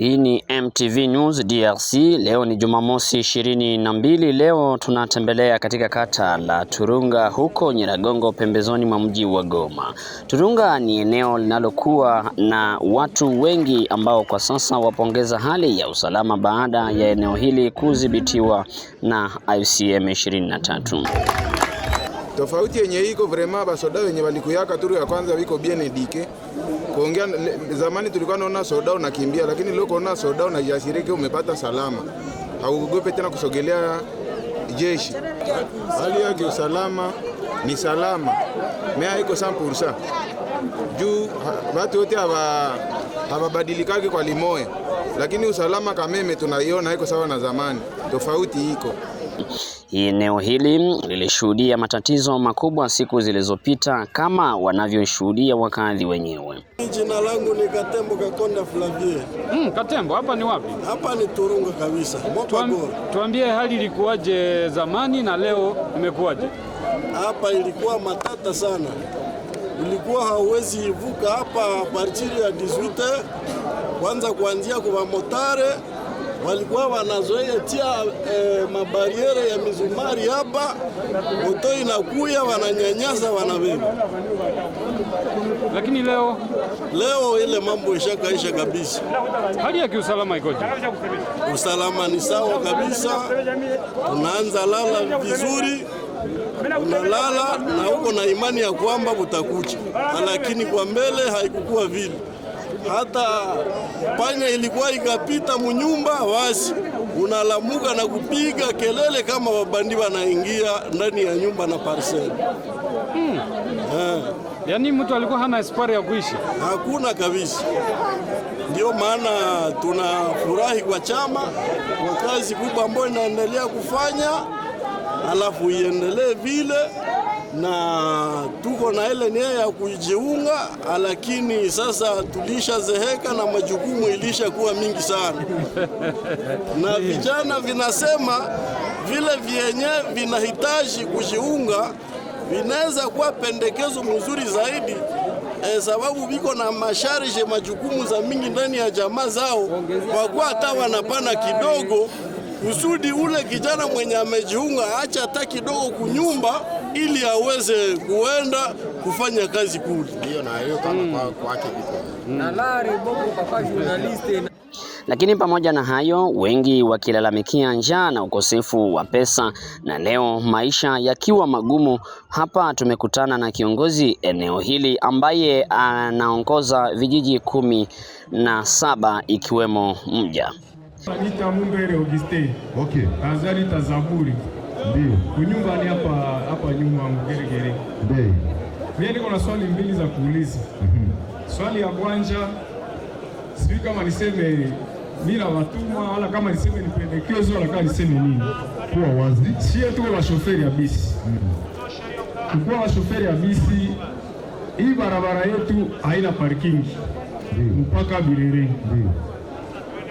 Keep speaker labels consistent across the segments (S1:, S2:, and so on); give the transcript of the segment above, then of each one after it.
S1: Hii ni MTV News DRC. Leo ni Jumamosi ishirini na mbili. Leo tunatembelea katika kata la Turunga huko Nyiragongo, pembezoni mwa mji wa Goma. Turunga ni eneo linalokuwa na watu wengi ambao kwa sasa wapongeza hali ya usalama baada ya eneo hili kudhibitiwa na ICM 23.
S2: Tofauti yenye iko vrema basoda wenye walikuyaka turu ya kwanza wiko bien dike kuongea. Zamani tulikuwa naona soda unakimbia, lakini leo kuona soda unajasiriki, umepata salama, hauogope tena kusogelea jeshi. Hali yake usalama ni salama, mea iko 100% juu watu wote hawabadilikaki kwa limoya, lakini usalama Kameme tunaiona iko sawa na zamani, tofauti iko
S1: Eneo hili lilishuhudia matatizo makubwa siku zilizopita kama wanavyoshuhudia wakazi wenyewe.
S2: Jina langu ni Katembo Kakonda Flavie.
S1: Mm, Katembo, hapa ni wapi?
S2: Hapa ni Turunga kabisa. Tuam,
S1: tuambie hali ilikuwaje zamani na leo imekuwaje?
S2: Hapa ilikuwa matata sana, ilikuwa hauwezi ivuka hapa partir ya 18 kwanza kuanzia kwa motare walikuwa wanazoea tia eh, mabariere ya mizumari hapa, moto inakuya wananyanyasa, wanabeba.
S1: Lakini leo
S2: leo ile mambo ishakaisha kabisa.
S1: Hali ya kiusalama ikoje?
S2: Usalama ni sawa kabisa, unaanza lala vizuri unalala na uko na imani ya kwamba utakucha, lakini kwa mbele haikukuwa vile hata panya ilikuwa ikapita munyumba, wasi unalamuka na kupiga kelele kama wabandi wanaingia ndani ya nyumba na parcel.
S1: Hmm. Eh. Yaani mtu alikuwa hana espari ya kuishi,
S2: hakuna kabisa. Ndio maana tunafurahi kwa chama kwa kazi kubwa ambayo inaendelea kufanya, alafu iendelee vile na tuko na ile nia ya kujiunga, lakini sasa tulishazeheka na majukumu ilishakuwa mingi sana na vijana vinasema vile vyenye vinahitaji kujiunga vinaweza kuwa pendekezo mzuri zaidi E, sababu viko na masharishe majukumu za mingi ndani ya jamaa zao, kwa kuwa hata wanapana kidogo kusudi ule kijana mwenye amejiunga acha hata kidogo kunyumba ili aweze kuenda kufanya kazi kule.
S1: Lakini pamoja na hayo, wengi wakilalamikia njaa na ukosefu wa pesa, na leo maisha yakiwa magumu. Hapa tumekutana na kiongozi eneo hili ambaye anaongoza vijiji kumi na saba ikiwemo Mja.
S3: Okay. Ndio.
S4: Kunyumba ni hapa hapa nyuma Mgeregere. Ndio. Mimi niko na swali mbili za kuuliza. Mhm. Swali ya kwanza sijui kama niseme bila watuma wala kama niseme ni pendekezo wala kama niseme nini. Kuwa wazi. Sie wa shoferi ya bisi. Mm -hmm. Tuko ya bisi. Hii barabara yetu haina parking. Ndio. Mpaka Birere. Ndio.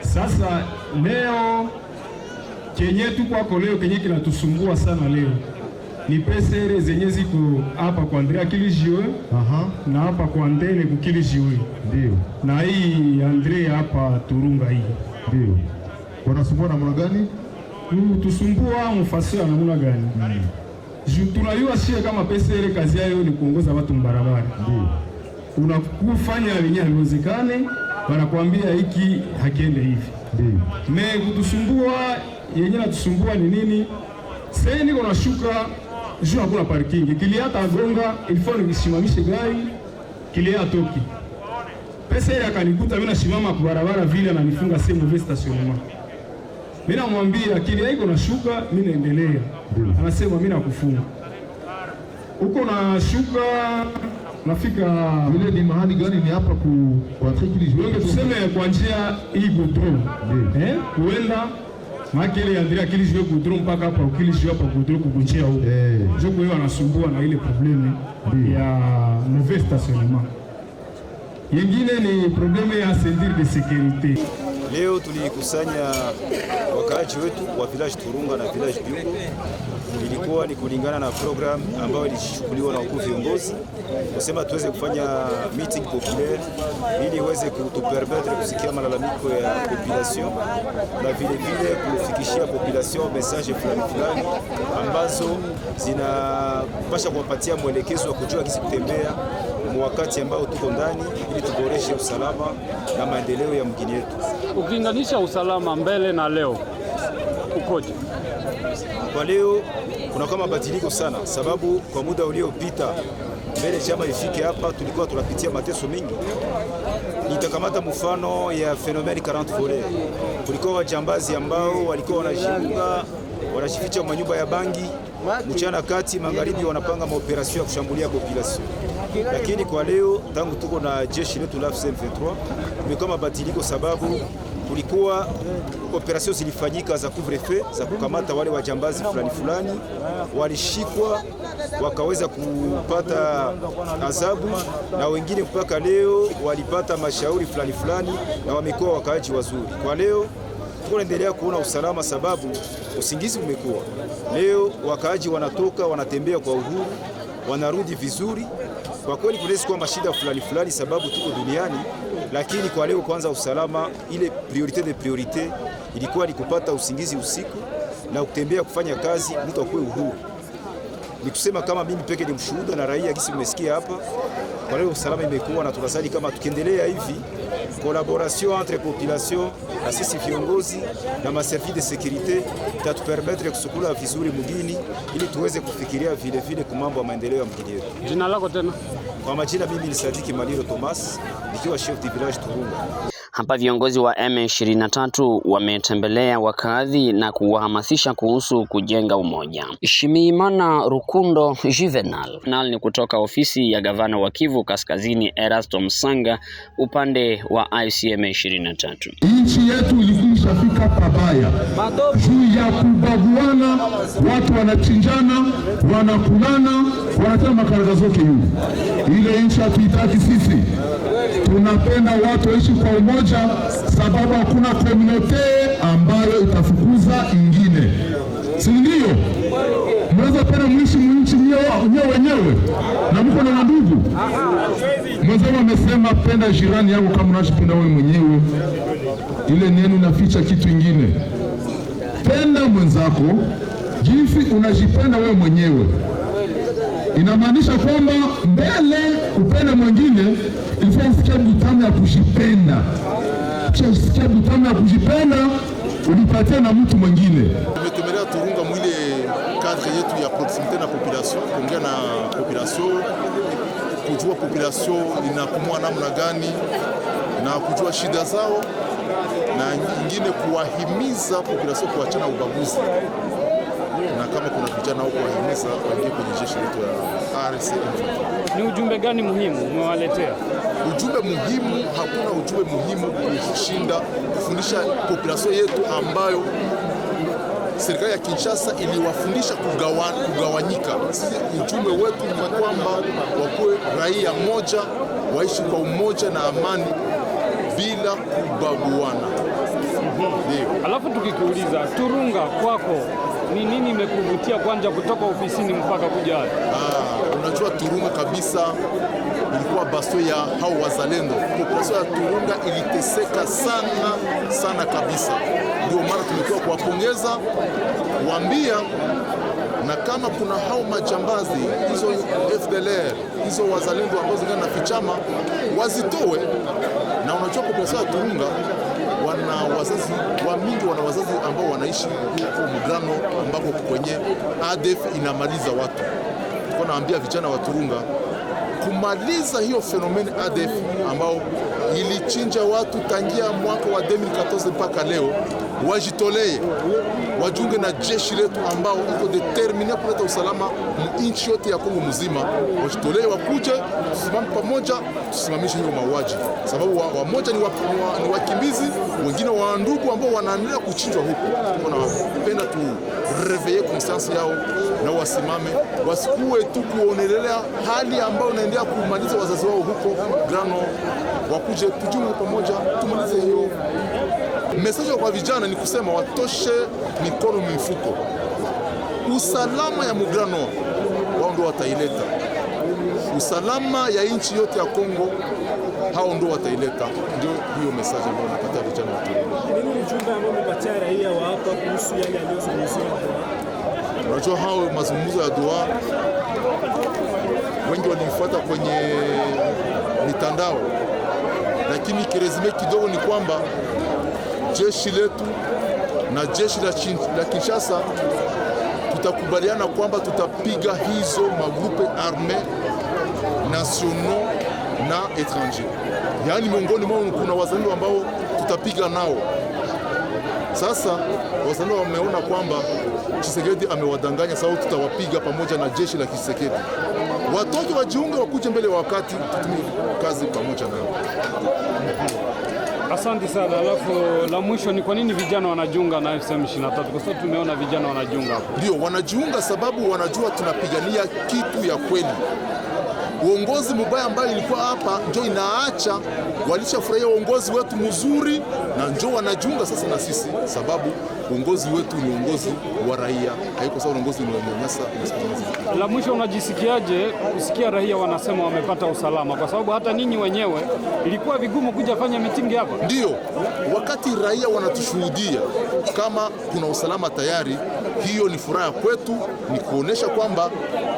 S4: Sasa leo chenye tu kwako leo kenye kinatusumbua sana leo ni pesa ile zenye ziko hapa kwa Andrea Kilijue uh-huh. na hapa kwa Ndele jiwe ndio, na hii Andrea hapa Turunga hii ndio wanasumbua namna gani? Mm, tusumbua mfasi ya namna gani? mm. tunajua kama pesa ile kazi yao ni kuongoza watu mbarabara, ndio unakufanya wenyewe haiwezekane, wanakuambia hiki hakiende hivi, ndio me kutusumbua yenye natusumbua ni nini? Sasa niko nashuka juu, hakuna parking. Kiliata agonga ilifaa nisimamishe gari, kilia atoki pesa ile, akanikuta mimi nasimama kwa barabara vile, ananifunga sehemu vile stationnement. Mimi namwambia kilia iko nashuka, mimi naendelea, anasema mimi nakufunga huko. Nashuka nafika
S3: ile ni mahali gani? Ni hapa ku kwa tuseme
S4: kwa njia hii godro eh kuenda Makele ya Andrea kili jeu goudron mpaka hapa ukili jeu hapa goudron kukunjia huko. Hey. Eh. Joko yeye anasumbua na ile probleme ya mauvais stationnement. Yengine ni probleme ya sendir de sécurité.
S5: Leo tulikusanya wakaaji wetu wa village Turunga na village Biungo. Ilikuwa ni kulingana na program ambayo ilishughuliwa na wakuu viongozi kusema tuweze kufanya meeting populaire ili iweze kutupermettre kusikia malalamiko ya population na vile vile kufikishia population message fulani fulani ambazo zinapasha kuwapatia mwelekezo wa kujua kisi kutembea wakati ambao tuko ndani ili tuboreshe usalama na maendeleo ya mgini yetu.
S1: Ukilinganisha usalama mbele na leo ukoje?
S5: Kwa leo kunakuwa mabadiliko sana, sababu kwa muda uliopita mbele chama ifike hapa tulikuwa tunapitia mateso mingi. Nitakamata mfano ya fenomeni 40 vole, kulikuwa wajambazi ambao walikuwa wanajiunga wanajificha manyumba ya bangi mchana kati magharibi, wanapanga maoperasio ya kushambulia population. Lakini kwa leo tangu tuko na jeshi letu la M23 kumekuwa mabadiliko sababu kulikuwa operasyon zilifanyika za couvre-feu za kukamata wale wajambazi fulani fulani, walishikwa wakaweza kupata adhabu, na wengine mpaka leo walipata mashauri fulani fulani, na wamekuwa wakaaji wazuri. Kwa leo tunaendelea kuona usalama sababu usingizi umekuwa leo, wakaaji wanatoka wanatembea kwa uhuru, wanarudi vizuri. Kwa kweli kunaweza kuwa mashida fulani fulani sababu tuko duniani lakini kwa leo kwanza, usalama ile priorite de priorite ilikuwa ni kupata usingizi usiku na kutembea kufanya kazi, mtu akuwe uhuru. Ni kusema kama mimi peke ni mshuhuda na raia gisi mmesikia hapa. Kwa leo usalama imekuwa na tunasali kama tukiendelea hivi collaboration entre population na sisi viongozi na maservice de securite tatupermetre kusukula vizuri mgini ili tuweze kufikiria vilevile kumambo ya maendeleo ya mgini yetu.
S1: Jina lako tena?
S5: Kwa majina mimi ni Sadiki Maliro Thomas nikiwa chef de village Turunga.
S1: Hapa viongozi wa M23 wametembelea wakazi na kuwahamasisha kuhusu kujenga umoja. Shimiimana Rukundo Juvenal ni kutoka ofisi ya gavana wa Kivu Kaskazini Erasto Msanga upande wa ICM 23.
S2: Nchi yetu ilikwisha pabaya juu ya kubaguana, watu wanachinjana, wanakulana, wanatema makaraka zote. hivi. ile nchi hatuitaki sisi, tunapenda watu waishi kwa umoja kuacha, sababu hakuna komunote ambayo itafukuza ingine, si ndio? Mnaweza penda mwishi mwinchi nyewe wenyewe na mko na ndugu mwenzenu. Amesema penda jirani yako kama unashipenda wewe mwenyewe. Ile neno inaficha kitu ingine. Penda mwenzako jinsi unajipenda wewe mwenyewe inamaanisha kwamba mbele kupenda mwingine ilifaa usikia mjitano ya kujipenda usikia vitendo ya kujipenda ulipatia na mtu mwingine.
S5: Umetemelea Turunga mwile kadre yetu ya proximite na population, kuongea na population, kujua population inakumua namna gani na kujua shida zao, na nyingine kuwahimiza population kuachana ubaguzi, na kama kuna vijana huko kuwahimiza waingie kwenye jeshi letu ya RC
S1: Ni ujumbe gani muhimu umewaletea?
S5: Ujumbe muhimu, hakuna ujumbe muhimu kushinda kufundisha population yetu ambayo serikali ya Kinshasa iliwafundisha kugawanyika. Sisi ujumbe wetu ni kwamba wakuwe raia moja, waishi kwa umoja na amani bila kubaguana. Mhm.
S1: Ndio. Alafu tukikuuliza Turunga kwako ni nini imekuvutia kwanza kutoka ofisini mpaka kuja hapa?
S2: Ah, unajua Turunga kabisa ilikuwa baso ya hao wazalendo. Populasion ya Turunga iliteseka sana sana kabisa, ndio mara tumekuwa kuwapongeza kuambia na kama kuna hao majambazi hizo FDLR hizo wazalendo ambao zingana na kichama wazitoe. Na unajua populasion ya Turunga wana wazazi wana wazazi ambao wanaishi huko Mugano, ambako kwenye ADF inamaliza watu. Kwa naambia vijana wa Turunga kumaliza hiyo fenomeni ADF ambao ilichinja watu tangia mwaka wa 2014 mpaka leo wajitolee, wajunge na jeshi letu ambao iko determine kuleta usalama nchi yote ya Kongo mzima. Wajitolee, wakuje, tusimame pamoja, tusimamishe hiyo mauaji, sababu wamoja wa ni, ni wakimbizi wengine wa ndugu ambao wanaendelea kuchinjwa huko. Tunapenda tu reveye konsiansi yao na wasimame, wasikuwe tu kuonelelea hali ambayo inaendelea kumaliza wazazi wao huko grano, wakuje tujunge pamoja tumalize hiyo meseji kwa vijana ni kusema watoshe mikono mifuko. Usalama ya mugrano wao ndio wataileta, usalama ya nchi yote ya Kongo hao ndio wataileta. Ndio hiyo message ambayo napatia vijana wetu.
S1: Nini ambao raia wa
S2: Unajua, hao mazungumzo ya dua, wengi walimfuata kwenye mitandao, lakini kirezime kidogo ni kwamba jeshi letu na jeshi la Kinshasa tutakubaliana kwamba tutapiga hizo magrupe arme nationaux na etranger, yaani miongoni mwao kuna wazalendo ambao tutapiga nao. Sasa wazalendo wameona kwamba Chisekedi amewadanganya, sababu tutawapiga pamoja na jeshi la Kisekedi. Watoto wajiunge, wakuje mbele ya wakati, tutumie kazi pamoja nao.
S1: Asante sana. Alafu la mwisho ni kwa nini vijana wanajiunga na FCM 23? Kwa sababu tumeona vijana wanajiunga hapo.
S2: Ndio wanajiunga sababu wanajua tunapigania kitu ya kweli. Uongozi mubaya ambayo ilikuwa hapa njo inaacha, walishafurahia uongozi wetu mzuri na njo wanajiunga sasa na sisi sababu uongozi wetu ni uongozi wa raia, haiko sawa uongozi unaonyanyasa.
S1: La mwisho, unajisikiaje kusikia raia wanasema wamepata usalama? Kwa sababu hata ninyi wenyewe ilikuwa vigumu kuja fanya mitingi hapa.
S2: Ndio wakati raia wanatushuhudia kama kuna usalama tayari, hiyo ni furaha kwetu, ni kuonesha kwamba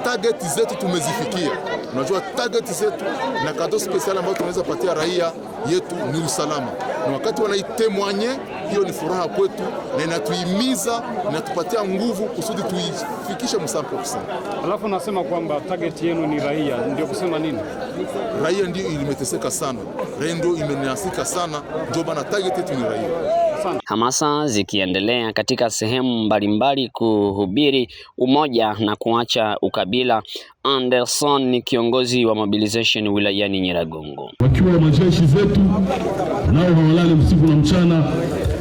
S2: target zetu tumezifikia. Unajua target zetu na kado special ambayo tunaweza patia raia yetu ni usalama, na wakati wanaitemwanye hiyo ni furaha kwetu na inatuhimiza, inatupatia nguvu kusudi tuifikishe msako kusema
S1: Alafu nasema kwamba target yenu ni raia, ndio kusema nini?
S2: Raia ndio ilimeteseka sana, raia ndio imenasika sana, ndio bana target yetu ni raia.
S1: Hamasa zikiendelea katika sehemu mbalimbali kuhubiri umoja na kuacha ukabila. Anderson ni kiongozi wa mobilization wilayani Nyiragongo.
S6: Wakiwa majeshi zetu nao hawalali usiku na mchana,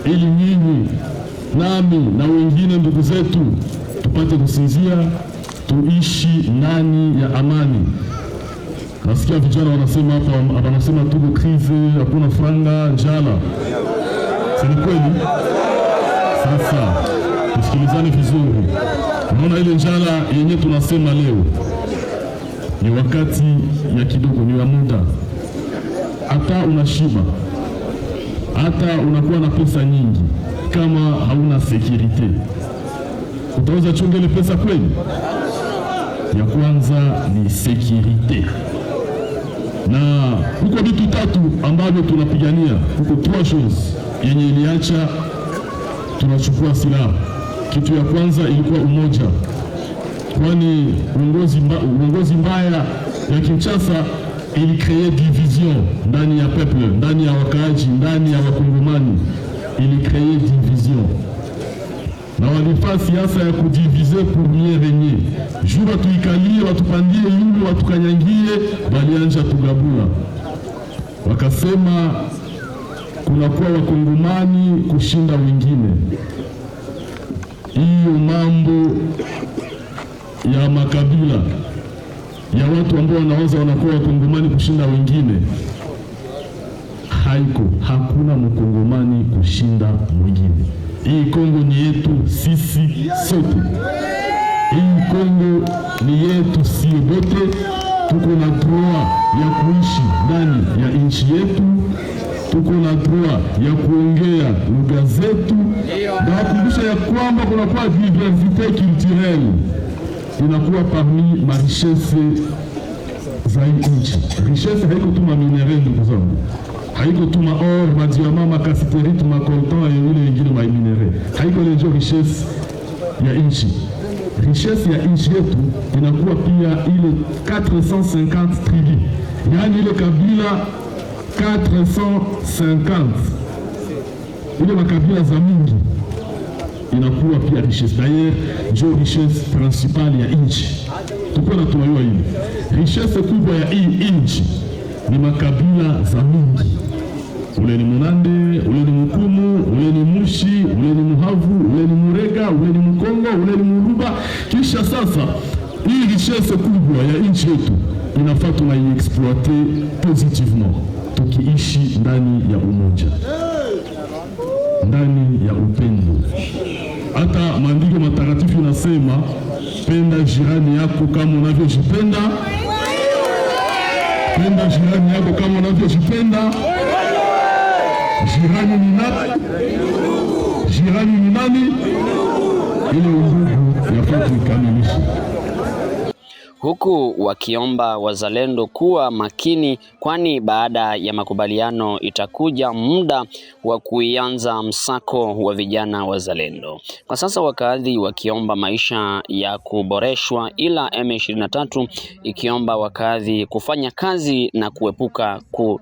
S6: ili nyinyi nami na wengine ndugu zetu tupate kusinzia, tuishi ndani ya amani. Nasikia vijana wanasema hapa, wanasema tuko krizi, hakuna franga, njala ni kweli? Sasa tusikilizane vizuri. Unaona ile njala yenye tunasema leo ni wakati ya kidogo, ni ya muda. Hata unashiba, hata unakuwa na pesa nyingi, kama hauna sekurite, utaweza chunga ile pesa kweli? Ya kwanza ni sekurite na huko vitu tatu ambavyo tunapigania huko, trois choses yenye iliacha tunachukua silaha. Kitu ya kwanza ilikuwa umoja, kwani uongozi mba, uongozi mbaya ya Kinshasa ilikree division ndani ya peuple, ndani ya wakaaji, ndani ya wakongomani, ilikree division na walifaa siasa ya kudivize pour mieux regner. Juu watuikalie watupandie yule watukanyangie, walianja kugabula, wakasema kunakuwa wakongomani kushinda wengine. Hiyo mambo ya makabila ya watu ambao wanaweza wanakuwa wakongomani kushinda wengine haiko. Hakuna mkongomani kushinda mwingine. Hii Kongo ni yetu sisi sote, hii Kongo ni yetu sisi bote, Tuko na droa ya kuishi ndani ya nchi yetu tuko na droit ya kuongea lugha zetu, na wakumbusha ya kwamba kunakuwa diversite culturelle inakuwa parmi marichesse za nchi. Richesse haiko tuma minere, ndugu zangu, haiko tuma or, madiama, makasiterit makoltan yengine yengine maminere haiko lejo richesse ya nchi richesse ya nchi yetu inakuwa pia ile 450 tribu, yaani ile kabila 450 ile makabila za mingi inakuwa pia richesse. D'ailleurs ndio richesse principale ya nchi, tukuwa natumayiwa hili. Richesse kubwa ya hii nchi ni makabila za mingi ule ni Munande, ule ni Mkumu, ule ni Mushi, ule ni Muhavu, ule ni Murega, ule ni Mkongo, ule ni Muruba. Kisha sasa hii richesse kubwa ya nchi yetu inafaa tunaiexploite positivement tukiishi ndani ya umoja, ndani ya upendo. Hata maandiko matakatifu inasema penda jirani yako kama unavyojipenda, penda jirani yako kama unavyojipenda. Jirani ni nani? Jirani ni nani? Ile undugu yafaa kuikamilisha
S1: huku wakiomba wazalendo kuwa makini, kwani baada ya makubaliano itakuja muda wa kuianza msako wa vijana wazalendo. Kwa sasa wakaadhi wakiomba maisha ya kuboreshwa, ila M23 ikiomba wakaadhi kufanya kazi na kuepuka ku